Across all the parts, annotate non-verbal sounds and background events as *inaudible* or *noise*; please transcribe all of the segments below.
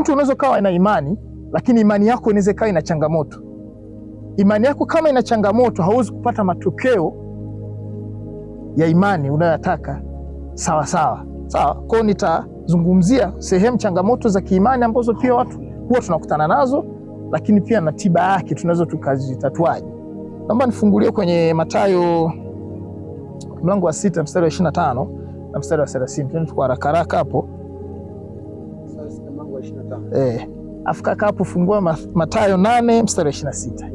Mtu unaweza kawa na imani lakini imani yako inaweza kawa ina changamoto. Imani yako kama ina changamoto, hauwezi kupata matokeo ya imani unayotaka sawa sawa sawa. Kwao nitazungumzia sehemu changamoto za kiimani ambazo pia watu huwa tunakutana nazo, lakini pia na tiba yake tunaweza tukazitatuaje. Naomba nifungulie kwenye Mathayo mlango wa sita mstari wa 25 na mstari wa 30. Tuko haraka haraka hapo eh, mm. Afrika Cup fungua Mathayo nane mstari ishirini na sita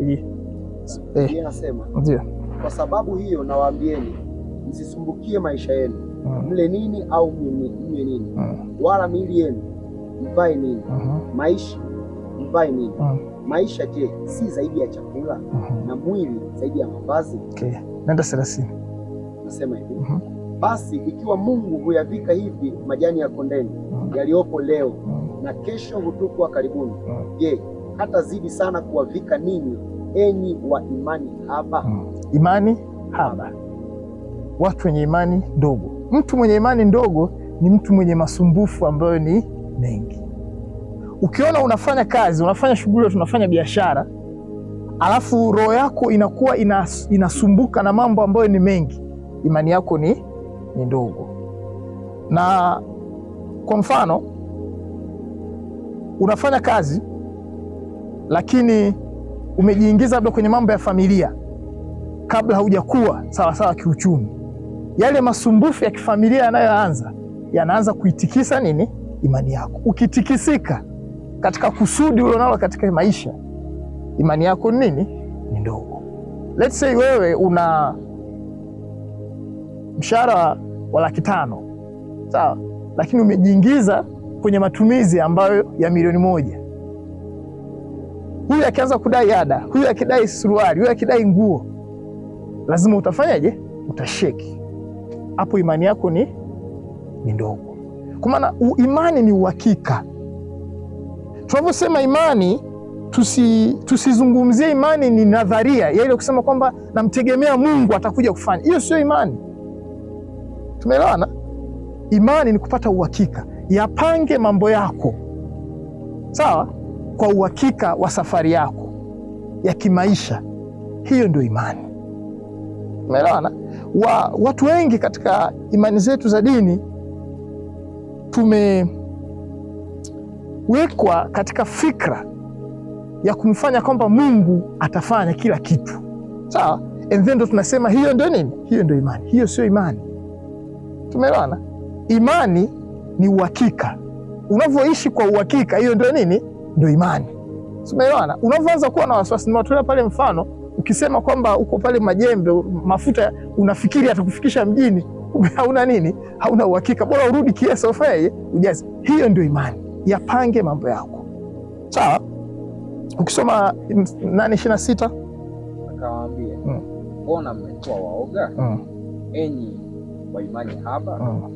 eh. inasema ndio kwa sababu hiyo nawaambieni msisumbukie maisha yenu mm. mle nini au mnywe nini mm. wala miili yenu mvae nini mm -hmm. maisha mvae nini mm. maisha je si zaidi ya chakula mm -hmm. na mwili zaidi ya mavazi okay. nenda thelathini nasema hivi mm -hmm. basi ikiwa Mungu huyavika hivi majani ya kondeni mm. yaliyopo leo mm na kesho hutukwa karibuni. Mm. Je, hata zidi sana kuwavika ninyi enyi wa imani haba? Mm. Imani haba, watu wenye imani ndogo. Mtu mwenye imani ndogo ni mtu mwenye masumbufu ambayo ni mengi. Ukiona unafanya kazi, unafanya shughuli, tunafanya biashara, alafu roho yako inakuwa inas, inasumbuka na mambo ambayo ni mengi, imani yako ni, ni ndogo. Na kwa mfano unafanya kazi lakini umejiingiza labda kwenye mambo ya familia kabla haujakuwa sawasawa kiuchumi, yale masumbufu ya kifamilia yanayoanza yanaanza kuitikisa nini? Imani yako. Ukitikisika katika kusudi ulionalo katika maisha, imani yako ni nini? Ni ndogo. Let's say wewe una mshahara wa laki tano sawa, lakini umejiingiza kwenye matumizi ambayo ya milioni moja. Huyu akianza kudai ada, huyu akidai suruali, huyu akidai nguo, lazima utafanyaje? Utasheki hapo. Imani yako ni ni ndogo, kwa maana imani ni uhakika. Tunavyosema imani tusi, tusizungumzie imani ni nadharia ya yaani ile kusema kwamba namtegemea Mungu atakuja kufanya. Hiyo sio imani. Tumeelewana? Imani ni kupata uhakika yapange mambo yako sawa, kwa uhakika wa safari yako ya kimaisha. Hiyo ndio imani, umeelewana? Wa, watu wengi katika imani zetu za dini tumewekwa katika fikra ya kumfanya kwamba Mungu atafanya kila kitu sawa, and then ndo tunasema hiyo ndio nini? Hiyo ndio imani. Hiyo sio imani, tumeelewana? Imani ni uhakika. Unavyoishi kwa uhakika, hiyo ndio nini? Ndio imani. Umeelewana? Unavyoanza kuwa na wasiwasi, nimewatolea pale mfano, ukisema kwamba uko pale Majembe mafuta unafikiri atakufikisha mjini, hauna nini, hauna uhakika, bora urudi KSFA ujaze. Hiyo ndio imani. Yapange mambo yako sawa. Ukisoma nane ishirini na sita akawaambia mm. mbona mmekuwa waoga, mm. enyi wa imani haba mm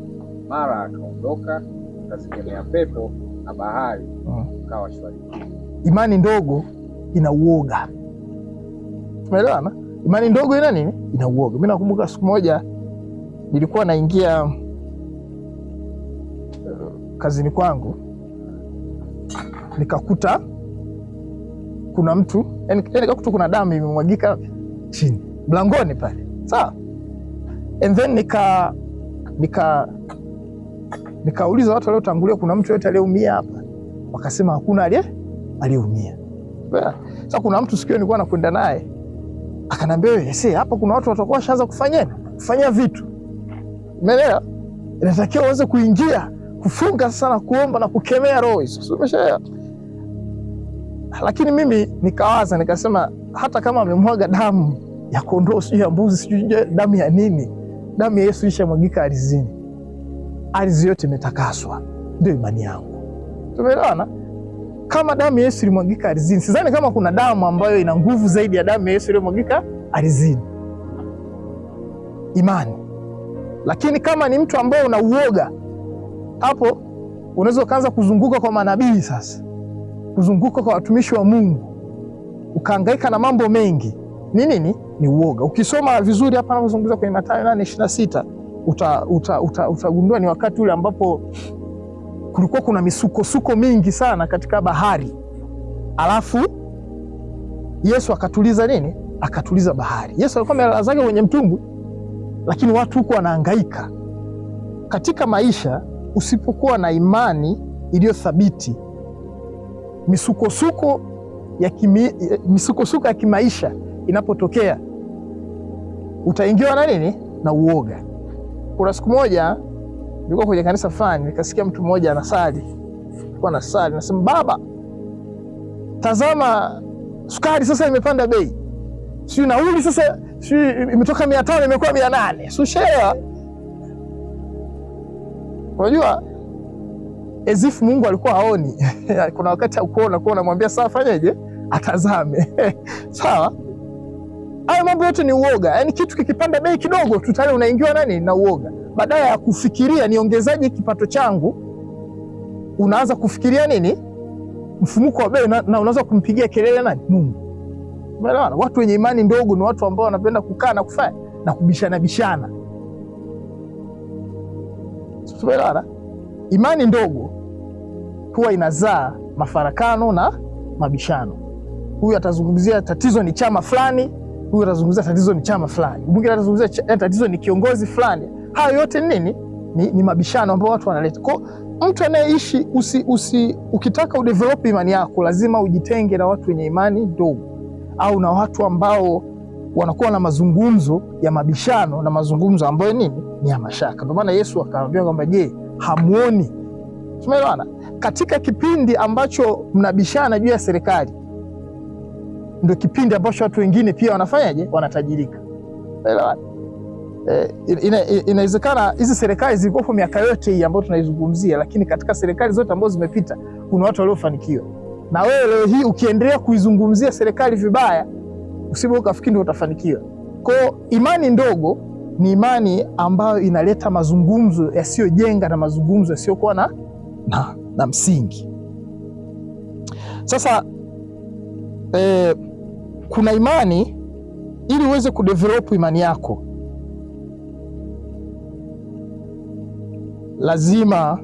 mara akaondoka kategemea pepo na bahari mm. ukawa shwari. Imani ndogo ina uoga, tumeelewana? Imani ndogo ina nini? Ina uoga. Mimi nakumbuka siku moja nilikuwa naingia uh, kazini kwangu nikakuta kuna mtu yani, nikakuta kuna damu imemwagika chini mlangoni pale, sawa. And then nika nika Nikauliza watu waliotangulia, kuna mtu yote aliyeumia hapa? Wakasema hakuna aliye aliyeumia. Sasa kuna mtu sikio nilikuwa nakwenda naye akanambia, wewe si hapa kuna watu watakuwa washaanza kufanya kufanya vitu, umeelewa? Inatakiwa uweze kuingia kufunga sasa na kuomba na kukemea roho hizo, umeshaelewa? Lakini mimi nikawaza nikasema, hata kama amemwaga damu ya kondoo sijui ya mbuzi sijui damu ya nini, damu ya Yesu ishamwagika alizini, ardhi yote imetakaswa. Ndio imani yangu, tumeelewana. Kama damu ya Yesu ilimwagika ardhini, sidhani kama kuna damu ambayo ina nguvu zaidi ya damu ya Yesu iliyomwagika ardhini, imani. Lakini kama ni mtu ambaye una uoga, hapo unaweza ukaanza kuzunguka kwa manabii sasa, kuzunguka kwa watumishi wa Mungu, ukaangaika na mambo mengi. Ni nini? Ni uoga. Ukisoma vizuri hapa anavyozungumza kwenye Mathayo 8:26 uta, uta, uta, utagundua ni wakati ule ambapo kulikuwa kuna misukosuko mingi sana katika bahari, alafu Yesu akatuliza nini? Akatuliza bahari. Yesu alikuwa zake kwenye mtumbwi, lakini watu huko wanahangaika. Katika maisha, usipokuwa na imani iliyothabiti, misukosuko ya kimi, misukosuko ya kimaisha inapotokea, utaingiwa na nini? Na uoga. Kuna siku moja nilikuwa kwenye kanisa fulani, nikasikia mtu mmoja anasali, alikuwa anasali, nasema baba, tazama sukari sasa imepanda bei, si nauli sasa si imetoka mia tano imekuwa mia nane sushewa. Unajua ezifu Mungu alikuwa haoni *laughs* kuna wakati akuona kuwa unamwambia saa fanyeje, atazame *laughs* sawa Haya mambo yote ni uoga. Yaani kitu kikipanda bei kidogo tu tayari unaingiwa nani na uoga. Badala ya kufikiria niongezaje kipato changu, unaanza kufikiria nini? Mfumuko wa bei na, na kumpigia kelele nani? Mungu. Umeelewana? Watu wenye imani ndogo ni watu ambao wanapenda kukaa na kufanya na kubishana bishana. Umeelewana? Imani ndogo huwa inazaa mafarakano na mabishano. Huyu atazungumzia tatizo ni chama fulani huyu anazungumzia tatizo ni chama fulani, mwingine anazungumzia eh, tatizo ni kiongozi fulani. Hayo yote nini? Ni, ni mabishano ambayo watu wanaleta. Kwa mtu anayeishi usi, usi, ukitaka udevelop imani yako lazima ujitenge na watu wenye imani ndogo au na watu ambao wanakuwa na mazungumzo ya mabishano na mazungumzo ambayo nini ni ya mashaka. Ndio maana Yesu akaambia kwamba je, hamuoni? Tumeelewana? Katika kipindi ambacho mnabishana juu ya serikali ndio kipindi ambacho watu wengine pia wanafanyaje, wanatajirika. Eh, inawezekana hizi serikali zilikuwepo miaka yote hii ambayo tunaizungumzia, lakini katika serikali zote ambazo zimepita kuna watu waliofanikiwa, na wewe leo hii ukiendelea kuizungumzia serikali vibaya, usije ukafikiri ndio utafanikiwa. Kwa imani ndogo ni imani ambayo inaleta mazungumzo yasiyojenga na mazungumzo yasiyokuwa na, na, na msingi. Sasa eh, kuna imani ili uweze kudevelop imani yako lazima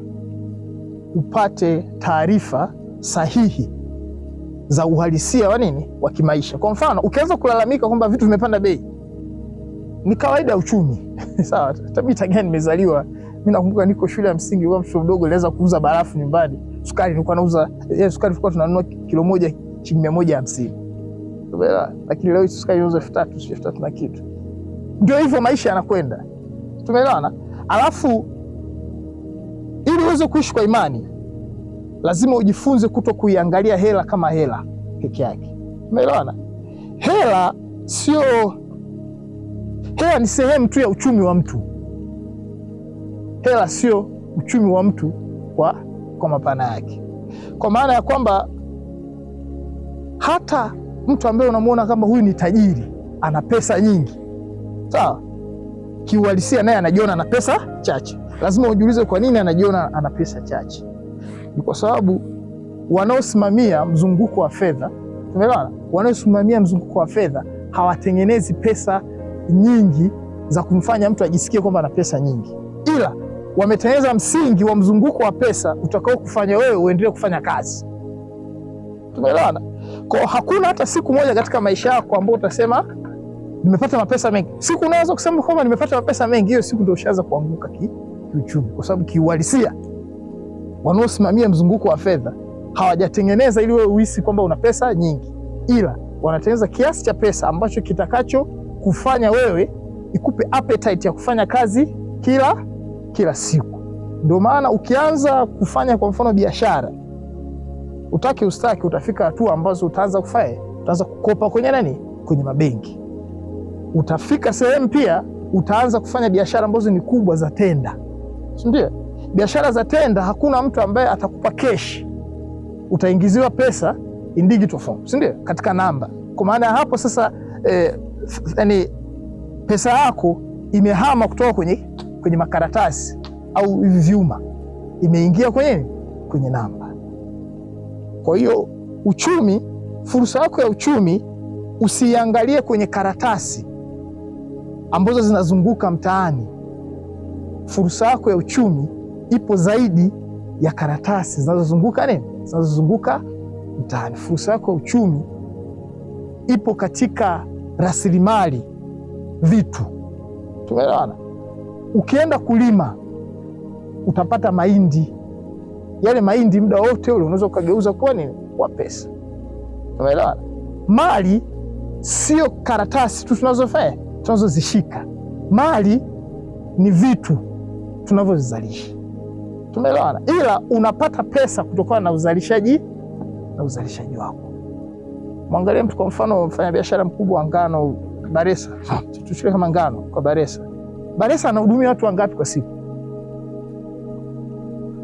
upate taarifa sahihi za uhalisia wa nini wa kimaisha. Kwa mfano, ukianza kulalamika kwamba vitu vimepanda bei, ni kawaida ya uchumi *laughs* sawa. tabii gani nimezaliwa mimi? Nakumbuka niko shule ya msingi, kwa mtoto mdogo aliweza kuuza barafu nyumbani, sukari nilikuwa nauza, eh, sukari tulikuwa tunanunua kilo moja shilingi mia moja hamsini lakini leo sukari inauza elfu tatu si elfu tatu na kitu. Ndio hivyo maisha yanakwenda, tumeelewana. Alafu ili uweze kuishi kwa imani, lazima ujifunze kuto kuiangalia hela kama hela peke yake, tumeelewana. Hela sio hela, ni sehemu tu ya uchumi wa mtu. Hela sio uchumi wa mtu kwa, kwa mapana yake, kwa maana ya kwamba hata mtu ambaye unamwona kama huyu ni tajiri, ana pesa nyingi, sawa, kiuhalisia naye anajiona ana pesa chache. Lazima ujiulize kwa nini anajiona ana pesa chache. Ni kwa sababu wanaosimamia mzunguko wa fedha, tumeelewana, wanaosimamia mzunguko wa fedha hawatengenezi pesa nyingi za kumfanya mtu ajisikie kwamba ana pesa nyingi, ila wametengeneza msingi wa mzunguko wa pesa utakao kufanya wewe uendelee kufanya kazi. Tumeelewana? Kwa hakuna hata siku moja katika maisha yako ambao utasema nimepata mapesa mengi. Siku unaweza kusema kwamba nimepata mapesa mengi, hiyo siku ndio ushaanza kuanguka kiuchumi, kwa sababu kiuhalisia wanaosimamia mzunguko wa fedha hawajatengeneza ili wewe uhisi kwamba una pesa nyingi, ila wanatengeneza kiasi cha pesa ambacho kitakacho kufanya wewe ikupe appetite ya kufanya kazi kila kila siku. Ndio maana ukianza kufanya kwa mfano biashara utaki ustaki, utafika hatua ambazo utaanza kufanya, utaanza kukopa kwenye nani, kwenye mabenki. Utafika sehemu pia utaanza kufanya biashara ambazo ni kubwa za tenda, si ndio? Biashara za tenda, hakuna mtu ambaye atakupa keshi, utaingiziwa pesa in digital form, si ndio? Katika namba. Kwa maana hapo sasa eh, yani pesa yako imehama kutoka kwenye, kwenye makaratasi au hivi vyuma imeingia kwenye kwenye namba. Kwa hiyo uchumi, fursa yako ya uchumi usiangalie kwenye karatasi ambazo zinazunguka mtaani. Fursa yako ya uchumi ipo zaidi ya karatasi zinazozunguka nini, zinazozunguka mtaani. Fursa yako ya uchumi ipo katika rasilimali vitu, tumeelewana. Ukienda kulima utapata mahindi yale mahindi muda wote ule unaweza ukageuza kuwa nini? Kwa pesa. Umeelewa? Mali sio karatasi tu tunazofanya tunazozishika. Mali ni vitu tunavyozalisha. Tumeelewana? Ila unapata pesa kutokana na uzalishaji na uzalishaji wako. Mwangalie mtu kwa mfano, mfanyabiashara mkubwa wa ngano Baresa, tuchukue kama ngano kwa Baresa. Baresa anahudumia watu wangapi kwa siku?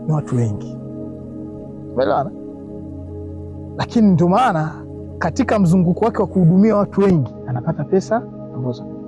Ni watu wengi umeelewana. Lakini ndio maana katika mzunguko wake wa kuhudumia watu wengi anapata pesa ambazo